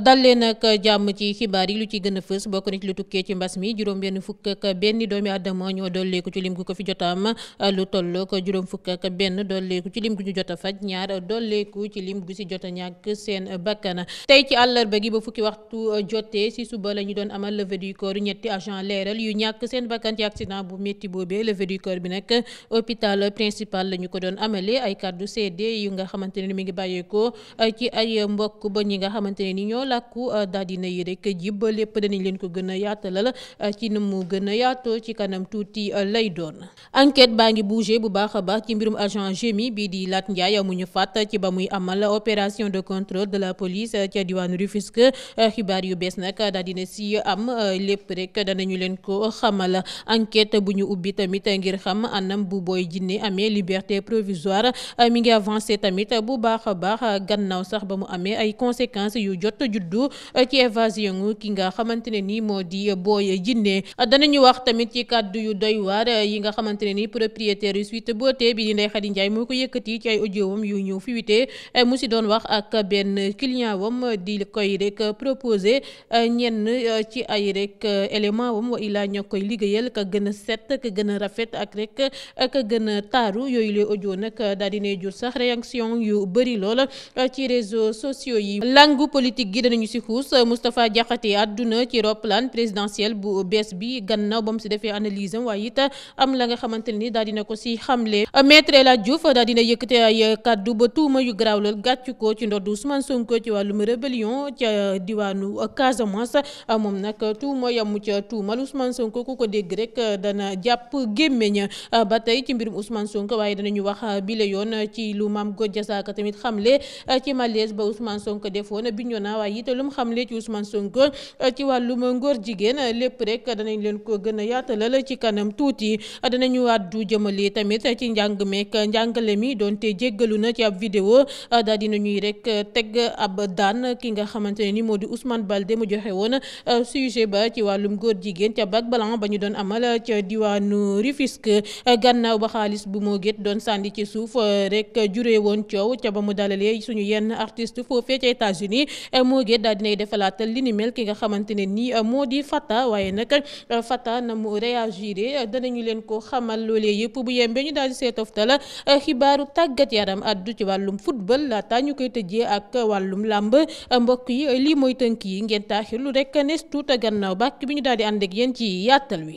dal leen ak jàmm ci xibaar yi lu ci gën a fës bokk na ci lu tukkee ci mbas mi juróom benn fukk ak benn doomi aadama ñoo dolleeku ci lim gu ko fi jotaam lu toll ko juróom fukk ak benn dolleeku ci lim gu ñu jot a faj ñaar dolleeku ci lim gu si jot a ñàkk seen bakkana tey ci àllarba gi ba fukki waxtu jotee si suba la ñu doon amal levée du ñetti agent leeral yu ñàkk seen bakkan ci bu métti boobee levée du bi nag hôpital principal la ko doon amalee ay kàddu seede yu nga xamante ne mi ngi bàyyeekoo ci ay mbokk ba ñi nga xamante ne ñoo làkku euh, daal dina yi rek jib lépp danañ leen ko gën a yaatalal euh, ci nu mu gën a yaatoo ci kanam tuuti euh, lay doon enquête baa ngi bougé bu baax a baax ci mbirum agent gémi bii di laat Ndiaye mu ñu fàtt ci ba muy amal opération de contrôle de la police ca diwaanu Rufisque xibaar yu bees nag daal dina si am lépp rek danañu leen ko xamal enquête bu ñu ubbi tamit ngir xam anam bu booy jinne amee liberté provisoire mi ngi avancé tamit bu baax a baax gannaaw yu jot jot a juddu eh, ci évasion ki nga xamante ni moo di eh, Boy Djiné eh, danañu wax tamit ci kaddu yu doy waar yi nga xamante ne ni propriétaire yu Sweet Beauté bi di Ndeye Khady Ndiaye moo ko yëkkati ci ay audiowam yu ñëw fuité mu si doon wax ak benn client wam di koy rek proposé ñenn ci ay rek élément wam wa ilaa ñoo koy liggéeyal ka gën set ka gën rafet ak rek ka gën a taaru yooyu lay audio nag daal dinay jur sax réaction yu bëri lool ci réseaux sociaux yi langue politique gi danañu si xuus Moustapha Diakhaté àdduna ci roplaan présidentiel bu bees bi gannaaw ba mu si defee analyse am waaye it am la nga xamante ni daal dina ko si xamle maître El Hadj Diouf daal dina yëkkate ay kaddu ba tuuma yu garaaw lool gàcc ko ci ndodd Ousmane Sonko ci wàllum rébellion ca diwaanu Casamance moom nag tuuma yamu ca tuumal Ousmane Sonko ku ko dégg rek dana jàpp gémmeñ ba tey ci mbirum Ousmane Sonko waaye ñu wax bile yoon ci lu maam Godiassaka tamit xamle ci taxawaay yi te lu mu xamle ci Ousmane Sonko euh, ci wàllum ngóor jigéen euh, lépp rek danañ leen ko gën a yaatalal ci kanam tuuti danañu wàddu jëmale tamit ci njàng meek njàngale mi doonte jéggalu na ci ab vidéo euh, daal dina ñuy rek teg ab daan ki nga xamante ne ni moo di Ousmane Balde mu joxe woon sujet ba ci wàllum góor jigéen ca bac balan ba ñu doon amal ca diwaanu Rufisque gannaaw ba xaalis bu mu gét doon sànni ci suuf rek juree woon coow ca ba mu dalalee suñu yenn artiste Moget daal dinay defalaat li ni mel ki nga xamante ne nii euh, moo di Fata waaye nag euh, Fata na mu réagiré euh, danañu leen ko xamal loolee yëpp bu yembe ñu daal di see toftal xibaaru tàggat yaram addu ci wàllum football laata ñu koy tëjee ak wàllum làmb mbokk yi lii mooy tënk yi ngeen taaxirlu rek nes tuuta gannaaw bàkk bi ñu daal di ànd ak ci yaatal wi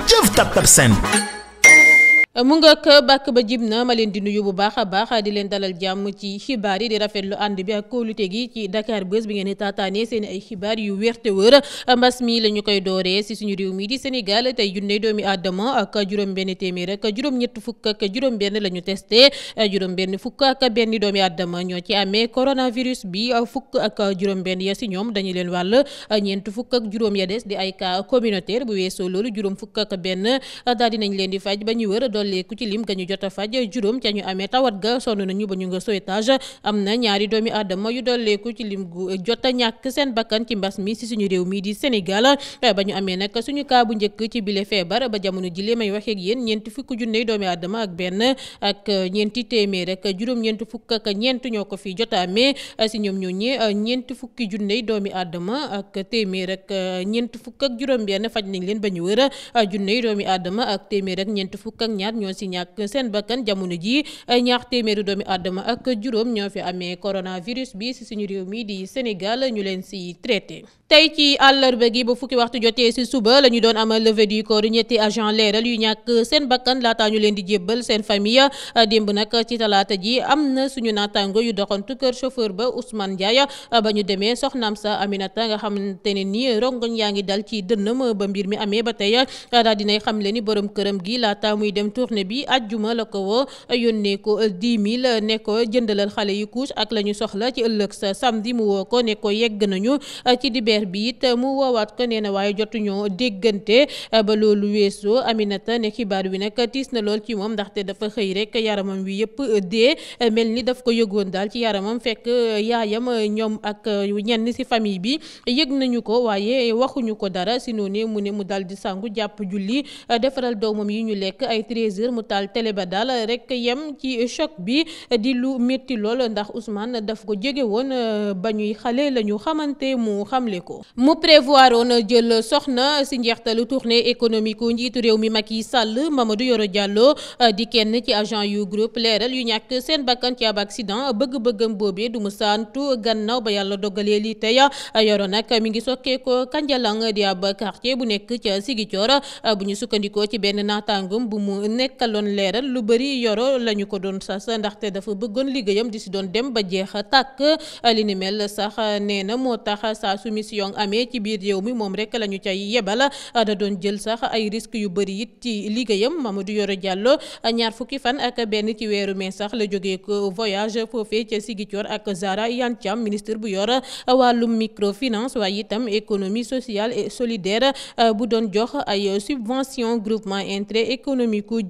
jëf tab tab seen mu nga ak bàkk ba jib na ma leen di nuyu bu baax a baax di leen dalal jàmm ci xibaar yi di rafetlu ànd bi ak kóolute gi ci Dakar Buzz bi ngeen di taataanee seen ay xibaar yu wér te wër mbas mi la ñu koy dooree si suñu réew mii di Sénégal tey junne doomi aadama ak juróom-benn téeméer ak juróom-ñett fukk ak juróom-benn la ñu testé juróom-benn fukk ak benn doomi aadama ñoo ci amee coronavirus bi fukk ak juróom ya si ñoom dañu leen wàll ñeent fukk ak juróom ya ay cas communautaire bu weesoo loolu juróom fukk benn daal dinañ leen di faj ba ñu wër dolleeku ci lim ga ñu jot a faj juróom ca ñu amee tawat ga sonn nañu ba ñu nga sowetage am na ñaari doomi aadama yu ci lim gu ñàkk seen bakkan ci mbas mi si suñu réew mi di Sénégal eh, ba ñu amee nag suñu kaa bu njëkk ci bile feebar ba jamono ji li may waxeek yéen ñeenti fukki junne doomi aadama ak benn ak ñeenti téeméer ak juróom-ñeent fukk ak ñeent ñoo ko fi jot a si ñoom ñoo ñee eh, ñeenti fukki junne doomi aadama ak téeméer ak eh, ñeent fukk ak juróom-benn faj nañ leen ba ñu wër junne doomi aadama ak téeméer ak ñeent fukk ñaar juróom-ñaar ñoo si ñàkk seen bakkan jamono ji ñaar téeméeri doomi àddama ak juróom ñoo fi amee coronavirus bi si suñu réew mi di Sénégal ñu leen si traité. tey ci àllarba gi ba fukki waxtu jotee si suba la ñu doon amal levée du corps ñetti agent leeral yu ñàkk seen bakkan laataa ñu leen di jébbal seen famille démb nag ci talaata ji am na suñu naataango yu doxantu kër chauffeur ba Ousmane Ndiaye ba ñu demee soxnaam sa Aminata nga xamante ne nii rongoñ yaa ngi dal ci tournée bi ajjuma la ko woo yónnee ko 10 000 ne ko jëndalal xale yi couche ak la ñu soxla ci ëllëg sa samedi mu woo ko ne ko yegg nañu ci dibeer bi it mu woowaat ko nee na waaye jotuñoo déggante ba loolu weesoo Aminata ne xibaar wi nag tiis na lool ci moom ndaxte dafa xëy rekk yaramam wi yëpp dee mel ni daf ko yëgoon daal ci yaramam fekk yaayam ñoom ak ñenn si famille bi yëg nañu ko waaye waxuñu ko dara si mu ne mu daal sangu jàpp julli defaral plaisir mu taal télé ba daal rek yem ci choc bi di lu métti lool ndax Ousmane daf ko jege woon euh, ba ñuy xale la ñu xamante mu xamle ko. mu prévoir woon jël soxna si njeextalu tournée économique njiitu réew mi mag yi sàll Macky Sall Mamadou Yoro jàlloo euh, di kenn ci agent yu groupe leeral yu ñàkk seen bakkan ci ab accident bëgg-bëggam boobee du mu saantu gannaaw ba yàlla dogalee lii tey euh, Yoro nag mi ngi sokkeekoo Kanjalang di ab quartier bu nekk ca Ziguinchor bu ñu sukkandikoo nekkaloon leeral lu bëri yoro la ñu ko doon sas ndaxte dafa bëggoon liggéeyam di si doon dem ba jeex a tàkk li ni mel sax nee na moo tax saa su mission amee ci biir yow mi moom rek lañu ñu cay yebal da doon jël sax ay risques yu bëri yit ci liggéeyam ma Mamadou Yoro jàlloo ñaar fukki fan ak benn ci weeru mai sax la jógee ko voyage foofee ca Ziguinchor ak Zahra Iyane Thiam ministre bu yor wàllum microfinance waaye itam économie sociale et solidaire bu doon jox ay subvention groupement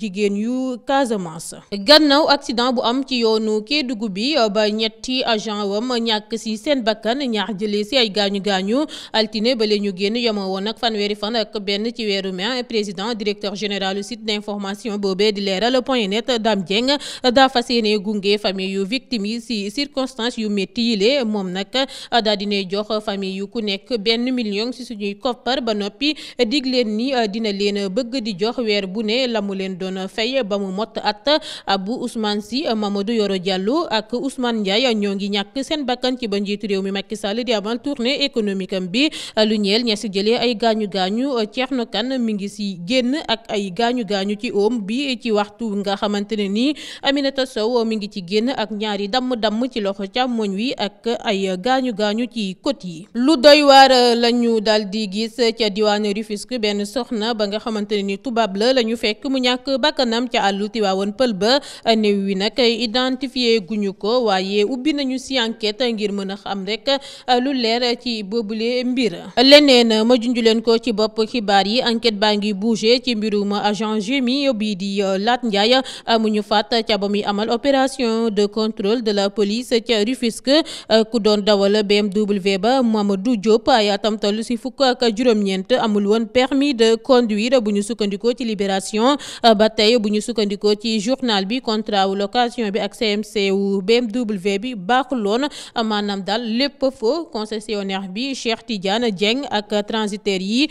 jigéen yu Casamance. gannaaw accident bu am ci yoonu Kédougou bi euh, ba ñetti agent wam ñàkk si seen bakkan ñaar jëlee si ay gaañu gaañu altine ba la ñu génn yemoo woon ak fanweeri fan ak benn ci weeru mai président directeur général du site d'information boobee di leeral point net Dame Dieng daa fas yéene gunge famille yu victime yi si circonstances yu métti yile moom nag daa dina jox famille yu ku nekk benn million si suñuy koppar ba noppi dig leen ni doon fay ba mu mot at ah, bu Ousmane Sy ah, Mamadou Yoro Diallo ak Ousmane Ndiaye ah, ñoo ngi ñàkk seen bakkan ci ba njiitu réew mi Macky Sall di amal tournée économique am bi lu ñeel ña si jële ay gaañu gaañu Thierno Kane mi ngi si génn ak ay gaañu gaañu ci om bi ci waxtu nga xamante ne nii Aminata Sow mi ngi ci génn ak ñaari damm-damm ci loxo càmmoñ wi ak ay gaañu gaañu ci côte yi lu doy waar lañu daal di gis ca diwaanu Rufisque benn soxna ba nga xamante ni tubaab la la fekk mu ñàkk bakkanam ca àllu Tiwaawan pël ba néew wi nag identifié guñu ko waaye ubbi nañu si enquête ngir mën a xam rek lu leer ci boobule mbir leneen ma junj leen ko ci bopp xibaar yi enquête baa ngi bougé ci mbirum agent Gémi bii di laat Ndiaye amuñu faat ca ba muy amal opération de contrôle de la police ca Rufisque ku doon dawal BMW ba ma Diop ay atam toll si fukk ak juróom-ñeent amul woon permis de conduire bu ñu sukkandikoo ci libération ba tey bu ñu sukkandikoo ci journal bi contrat wu location bi ak CMC wu BMW bi baaxuloon maanaam daal lépp foo concessionnaire bi Cheikh Tidiane jeng ak transitaire yi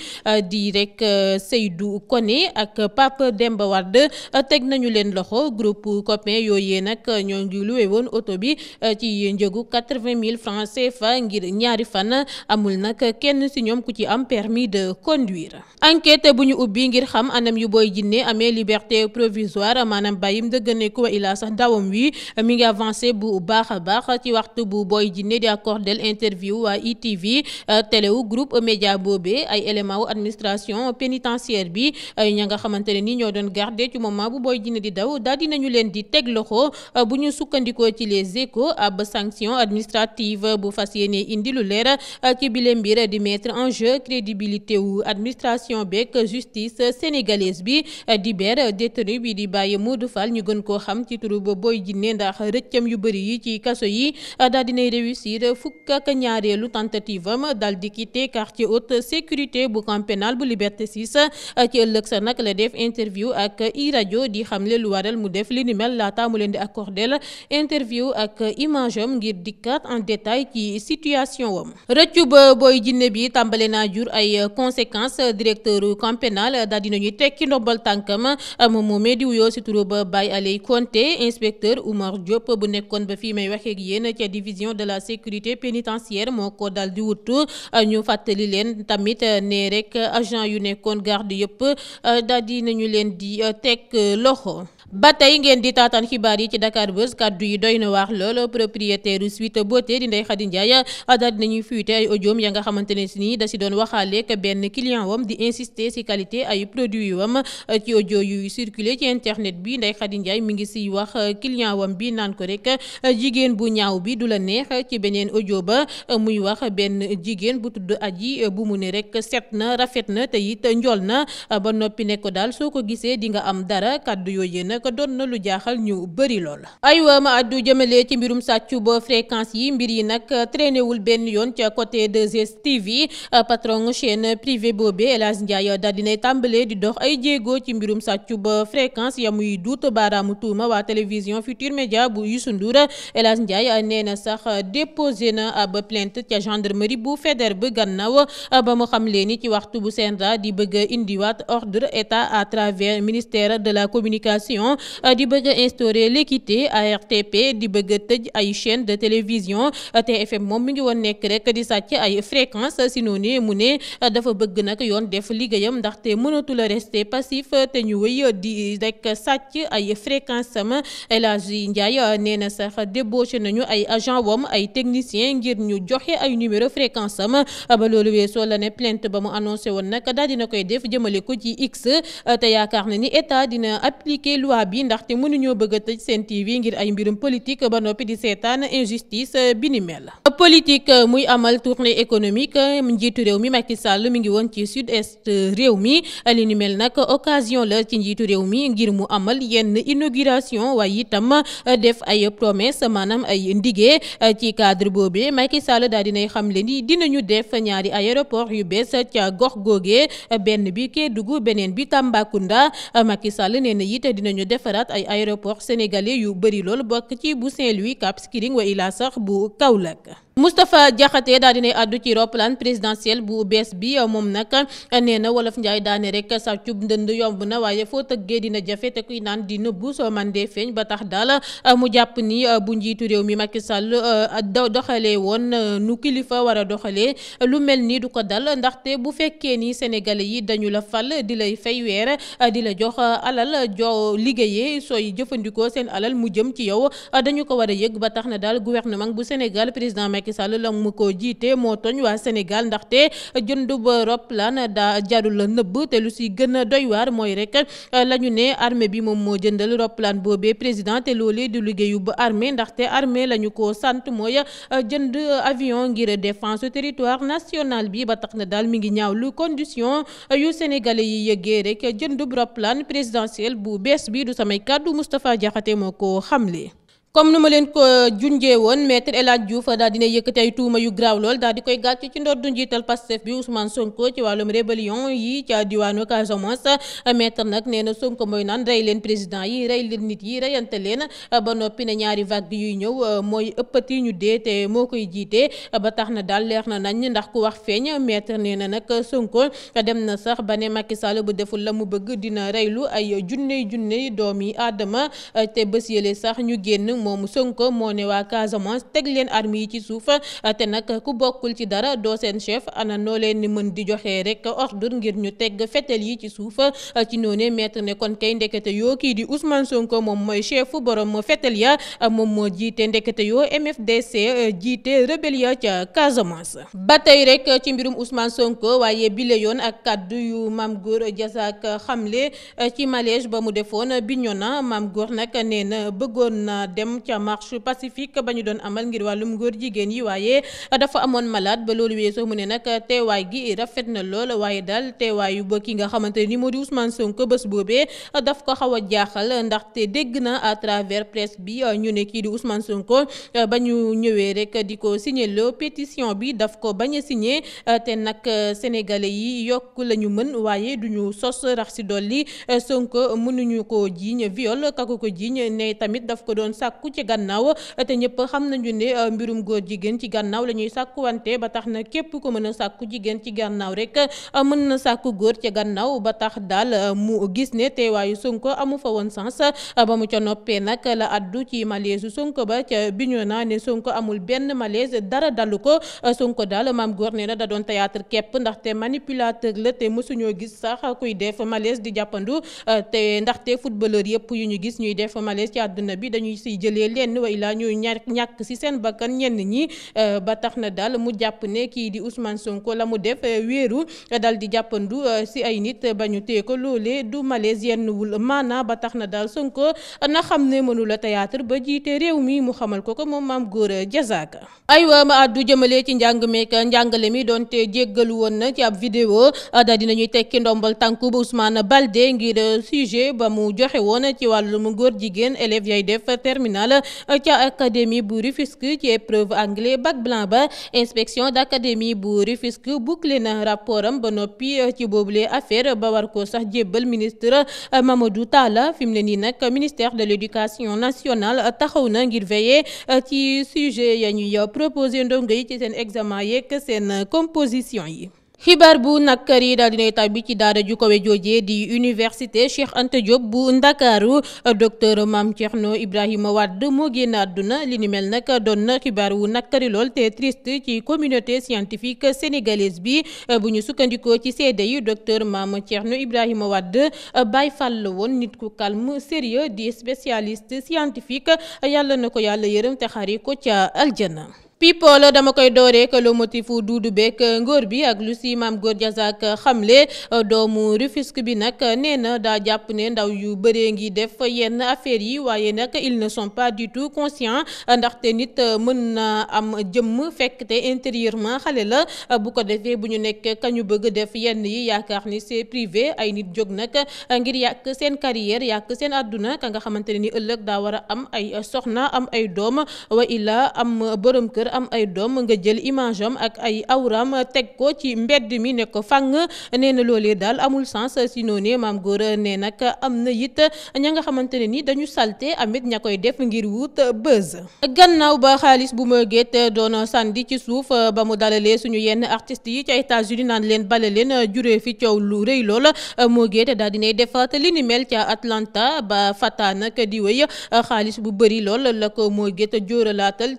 di rek Seydou Koné ak Pape Demba Wade teg nañu leen loxo groupe copain yooyee nag ñoo ngi luwe woon oto bi ci njëgu quatre-vingt mille francs fa ngir ñaari fan amul nag kenn si ñoom ku ci am permis de conduire enquête bu ñu ubbi ngir xam anam yu booy jinne amee liberté provisoire maanaam bàyyim dëgganeeku wa ilaa sax ndawam wi mi ngi avancé bu baax a baax ci waxtu bu Boy Djiné di accordel interview waa ITV euh, télé wu groupe média boobee ay élément wu administration pénitentiaire bi ña nga xamante ne ni ñoo doon garder ci moment bu booy Djiné di daw daal nañu leen di teg loxo euh, bu ñu sukkandikoo ci les échos ab sanction administrative bu fas yéene indi lu leer euh, ci bile mbir di mettre en jeu crédibilité wu administration beeg justice sénégalaise bi détenu bi di Baye Modou ñu gën koo xam ci turu ba Boy Djiné ndax rëccam yu bëri yi ci kaso yi daal dinay réussir fukk ak ñaareelu tentative am daal di quitter quartier sécurité bu camp pénal bu Liberté 6 ci ëllëg sa nag la def interview ak i rajo di xamle lu waral mu def li ni mel laata mu leen di accordé la interview ak image am ngir dikkaat en détail ci situation wam rëccu ba Boy Djiné bi tàmbale naa jur ay conséquences directeur camp pénal moom moomee di wuyoo si turu ba Baye Aley Konté inspecteur Oumar Diop bu nekkoon ba fii may waxee ak yéen ca division de la sécurité pénitentiaire moo ko dal di wut ñu fàttali leen tamit ne rek agent yu nekkoon garde yëpp daal di nañu leen di teg loxo. ba tey ngeen di taataan xibaar yi ci Dakar Buzz kàddu yi doy na waax lool propriétaire Sweet Beauté di Ndeye Khady Ndiaye daal di nañuy fuité ay audioom ya nga xamante ne si nii da si doon waxaale ak benn client wam di insister si ay produit wam circuler ci internet bi Ndeye Khady Ndiaye mi ngi siy wax euh, client wam bi naan ko rek euh, jigéen bu ñaaw bi du la neex ci beneen audio ba euh, muy wax benn jigéen bu tudd aji bu mu ne rek set na rafet na te it njool na ba noppi ne ko daal soo ko gisee di nga am dara kàddu yooyu nag doon na lu jaaxal ñu bëri lool. aywa ma addu jëmale ci mbirum sàccu ba fréquence yi mbir yi nag traîné wul benn yoon ca côté 2STV patron chaîne privée boobee El Hadj Ndiaye daal ba fréquence ya muy duut baaraamu tuuma waa télévision Futur Média bu Youssou Ndour El Hadj Ndiaye nee na sax déposé na ab plainte ca gendarmerie bu Faidherbe gannaaw ba mu xam leen ni ci waxtu bu CNRA di bëgg a indiwaat ordre état à travers ministère de la communication di bëgg a instaurer l'équité ARTP di bëgg a tëj ay chaine de télévision TFM moom mu ngi woon nekk rek di sàcc ay fréquence si noonu mu ne dafa bëgg nag yoon def liggéeyam ndaxte a rester te ñu di rek sàcc ay fréquence sama El Hadji Ndiaye euh, nee na sax débauché nañu ay agent wam ay technicien ngir ñu joxe ay numéro fréquence sama ba loolu weesoo la plainte ba mu annoncé woon nag daal dina koy def jëmale ko ci x euh, te yaakaar na ni état dina appliquer loi bi ndaxte mënuñoo bëgg a tëj seen TV ngir ay mbirum politique ba noppi di seetaan injustice euh, bi ni mel politique muy amal tournée économique njiitu réew mi Macky Sall mi ngi woon ci sud-est réew mi li mel nag occasion la ci njiitu réew mi ngir mu amal yenn inauguration waaye itam euh, def ay promesse maanaam ay ndige euh, ci cadre boobee Macky Sall daal dinay xam le ni dinañu def ñaari aéroport yu bees ca gox googee benn bi Kédougou beneen bi Tambacounda euh, Macky Sall nee na it dinañu defaraat ay aéroport sénégalais yu bëri lool bokk ci bu Saint-Louis Cap Skirring wa ilaa sax bu Kaolack Moustapha Diakhaté daa dinay àddu ci roppalaan présidentiel bu bees bi moom nag nee na wolof Njaay daane rek sàccub ndënd yomb na waaye foo tëggee dina jafe te kuy naan di nëbbu soo man dee feeñ ba tax daal mu jàpp ni euh, bu njiitu réew mi Macky Sall euh, doxalee woon euh, nu kilifa war a doxalee lu mel ni du ko dal ndaxte bu fekkee ni sénégalais yi dañu la fal di lay fay weer di la jox alal joo liggéeyee sooy jëfandikoo seen alal mu jëm ci yow dañu ko war a yëg ba tax na daal gouvernement bu Sénégal président Macky Macky Sall la mu ko jiite moo tooñ waa Sénégal ndaxte jënd ba roplaan daa jarul la nëbb te lu si gën a doy waar mooy rek la ñu ne armée bi moom moo jëndal roplaan boobee président te loolee di liggéeyu bu armee ndaxte armée la ko sant mooy jënd avion ngir défense territoire nationale bi ba tax na daal mi ngi ñaaw lu condition yu sénégalais yi yëggee rek jënd bu roplaan présidentiel bu bees bi du samay kàddu Moustapha Diakhaté moo ko xamle. comme nu ma leen ko euh, junjee woon maître El Hadj daal dina yëkkati ay tuuma yu graaw lool daal di koy gàcc ci ndoddu njiital Pastef bi Ousmane Sonko ci wàllum rébellion yi ca diwaanu Casamance euh, maître nag nee na Sonko mooy naan rey leen président yi rey leen nit yi reyante leen euh, ba noppi ne ñaari vague yuy ñëw mooy ëppati ñu dee moo koy jiite ba tax na daal leer na nañ ndax ku wax feeñ maître nee na nag Sonko dem na sax ba ne Macky Sall bu deful la mu bëgg dina reylu ay junney junney doomi aadama te bés yële sax ñu génn. moomu Sonko moo ne waa Casamance teg leen armes yi ci suuf te nag ku bokkul ci dara doo seen chef ana noo leen ni mën di joxee rek ordre ngir ñu teg fetel yi ci suuf ci noonee maître ne kon kay ndekete yoo kii di Ousmane Sonko moom mooy chef borom fetel ya moom moo jiite ndekete yoo MFDC jiite rébellion ca Casamance. ba tey rek ci mbirum Ousmane Sonko waaye bile yoon ak kaddu yu Mame Gor Diazak xamle ci malaise ba mu defoon Bignona Mame Gor dem ca marche pacifique ba doon amal ngir wàllum góor jigéen yi waaye dafa amoon malade ba loolu weesoo mu ne nag teewaay gi rafet na lool waaye daal teewaayu ba ki nga xamante ni moo di Ousmane Sonko bés boobee daf ko xaw a jaaxal ndaxte dégg na à travers bi ñu ne kii di Ousmane Sonko ba ñu ñëwee rek di ko signé loo pétition bi daf ko bañ a signé te nag sénégalais yi yokk la ñu mën waaye du ñu sos rax si dolli Sonko mënuñu ko jiiñ viol kako ko jiiñ ne sàkku ci gannaaw te ñëpp xam nañu ne euh, mbirum góor jigéen ci gannaaw la ñuy sàkkuwante ba tax na képp ko mën a sàkku jigéen ci gannaaw rek euh, mën na sàkku góor ci gannaaw ba tax daal euh, mu gis ne teewaayu Sonko amu fa woon sens ba mu ca noppee nag la addu ci malaise Sonko ba ca Bignona ne Sonko amul benn malaise dara dalu ko Sonko daal maam góor nee na da doon théâtre képp ndaxte manipulateur la te mësuñoo gis sax kuy def malaise di jàppandu te ndaxte footballeur yëpp yu ñu gis ñuy def malaise ci àdduna bi dañuy siy jël jëlee lenn wa illaa ñuy ñàkk ci seen bakkan ñenn ñi euh, ba tax na dal mu jàpp ne kii di Ousmane Sonko la mu def euh, wéeru dal di jàppandu euh, ci ay nit ba ñu téye ko loolee du malaise yennuwul maanaa ba tax na daal Sonko na xam ne mënula théâtre ba jiite réew mi mu xamal ko ko moom maam góor jazaaka aywa ma àddu jëmale ci njàng meek njàngale mi doonte jéggalu woon na ci ab vidéo da dinañuy tekki ndombal tànku ba Ousmane Balde ngir sujet ba mu joxe woon ci wàllum góor nationale euh, ca académie bu Rufisque ci épreuve anglais bac blanc ba inspection d'académie bu Rufisque bouclé na rapport am ba noppi euh, ci boobule affaire ba war sax jébbal ministre euh, Mamadou Talla fi mu ne nii nag ministère de l'éducation nationale taxaw na ngir veiller ci sujet ya ñuy proposé ndongo yi ci seen examen yeeg seen composition yi xibaar bu nakkar yi daal dinay tàbbi ci daara ju kawe joojee di université Cheikh Anta Diop bu ndakaaru docteur Mame Thierno Ibrahima Wade moo génn àdduna li ni mel nag doon na xibaar wu nakkari lool te triste ci communauté scientifique sénégalaise bi bu ñu sukkandikoo ci seede yi docteur Mame Thierno Ibrahima Wade Baay Fall la woon nit ku calme sérieux di spécialist scientifique yàlla na ko yàlla yërëm te xari ko ca aljana people dama koy dooree que le motif duudu beeg ngóor bi ak lu si maam góor Diazak xamle doomu Rufisque bi nag nee na daa jàpp ne ndaw yu bëree ngi def yenn affaires yi waaye nag ils ne sont pas du tout conscients ndaxte nit mën na am jëm fekk te intérieurement xale la bu ko defee bu ñu nekk kañu bëgg def yenn yi yaakaar ni c'est privé ay nit jóg nag ngir yàq seen carrière yàq seen adduna ka nga xamante ne ni ëllëg daa war a am ay soxna am ay doom wa illa am ay doom nga jël image am ak ay awram teg ko ci mbedd mi ne ko fang nee na loolee daal amul sens si noonee maam góor nee nag am na it ña nga xamante ne ni dañu salte amit ña koy def ngir wut buzz. gannaaw ba xaalis bu ma gétt doon sandi ci suuf ba mu dalalee suñu yenn artistes yi ci États-Unis naan leen bale leen juree fi coow lu rëy lool moo gétt daal dinay defaat li ni mel ca Atlanta ba Fata nag xaalis bu bëri lool la ko moo gétt jóoralaatal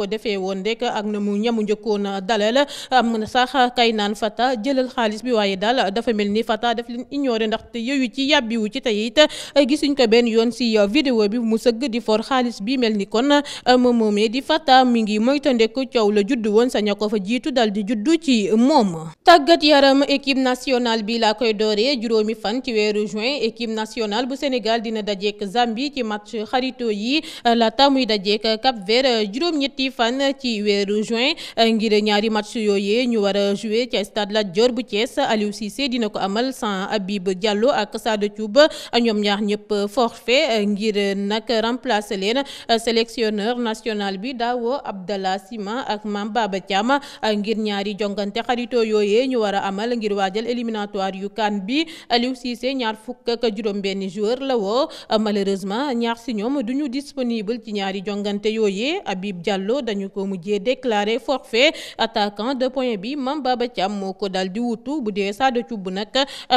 ko defee woon rek ak na mu ñamu njëkkoon dalal am na sax kay naan Fata jëlal xaalis bi waaye daal dafa mel ni Fata daf leen ignoré te yooyu ci yàbbiwu ci tey it gisuñ ko benn yoon si vidéo bi mu sëgg di for xaalis bi mel ni kon moom moomee di Fata mi ngi moytandeku coow la judd woon sa ko fa jiitu dal di juddu ci moom. tàggat yaram équipe nationale bi laa koy dooree juróomi fan ci weeru juin équipe nationale bu Sénégal dina dajeek ci match xarito yi laata muy dajeek Cap Vert juróom-ñetti fukki fan ci weeru juin eh, ngir ñaari match yooyee ñu war a joué ca stade Lat Dior bu Thiès Aliou Cissé dina ko amal sans Habib Diallo ak Sada Thioub ñoom ñaar ñëpp forfait eh, ngir nag remplacer leen eh, sélectionneur national bi Dawo Abdallah Sima ak Mame Baba Thiam ngir ñaari jongante xaritoo yooyee ñu war a amal ngir waajal éliminatoire yu kan bi Aliou Cissé ñaar fukk ak juróom-benn joueur la woo malheureusement ñaar si ñoom duñu disponible ci ñaari jongante yooyee Diallo dañu ko mujjee déclaré forfait attaquant de point bi Mame ba Thiam moo ko dal di wutu bu dee Sada Thioub nag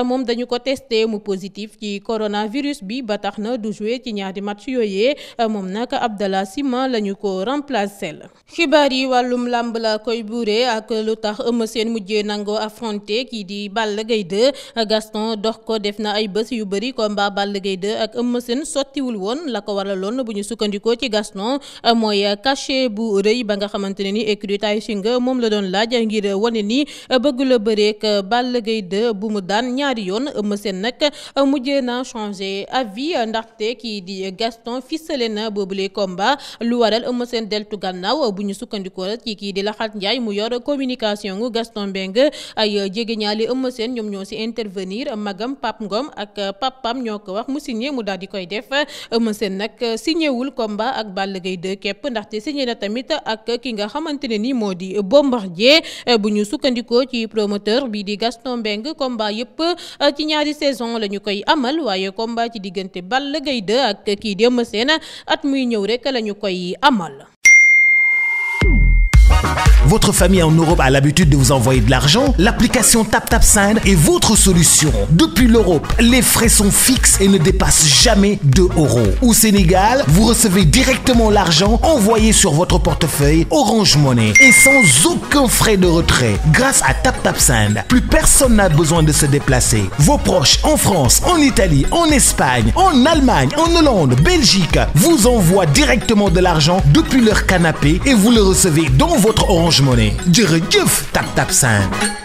moom dañu ko testé mu positif ci coronavirus bi ba tax na du jouer ci ñaari match yooyee moom nag Abdallah Sima la ñu ko remplacé la. xibaar yi wàllum làmb la koy buuree ak lu tax Eumeu seen mujjee nangoo affronté kii di Balla Gaye 2 Gaston dox ko def na ay bës yu bëri combat Balla Gaye 2 ak Eumeu Sène sottiwul woon la ko waraloon bu ñu sukkandikoo bu rëy ba nga xamante ne ni écurie Tay Shinga moom la doon laaj ngir wane ni bëgg la bëreek Balla Gaye 2 bu mu daan ñaari yoon Eumeu Sène nag mujjee na changé avis ndaxte kii di Gaston ficelé na boobule komba lu waral Eumeu Sène deltu gannaaw bu ñu sukkandikoo rek ci kii di Laxat njaay mu yor communication Gaston Mbengue ay jege ñaali Eumeu Sène ñoom ñoo si intervenir magam Pape Ngom ak Pape Pam ñoo ko wax mu signé mu daal koy def Eumeu Sène nag signé mita ak ki nga xamante ne ni moo di Bombardier eh, bu ñu sukkandikoo ci promoteur bii di Gaston Mbengue combat yëpp eh, ci ñaari saison la ñu koy amal waaye combat ci diggante Balla Gaye 2 ak kii di Eumeu Sène at muy ñëw rek lañu koy amal. Votre famille en Europe a l'habitude de vous envoyer de l'argent. L'application TapTapSend est votre solution. Depuis l'Europe, les frais sont fixes et ne dépassent jamais 2 euros. Au Sénégal, vous recevez directement l'argent envoyé sur votre portefeuille Orange Money et sans aucun frais de retrait. Grâce à TapTapSend, plus personne n'a besoin de se déplacer. Vos proches en France, en Italie, en Espagne, en Allemagne, en Hollande, Belgique vous envoient votre Orange Money jërëjëf tap tap sen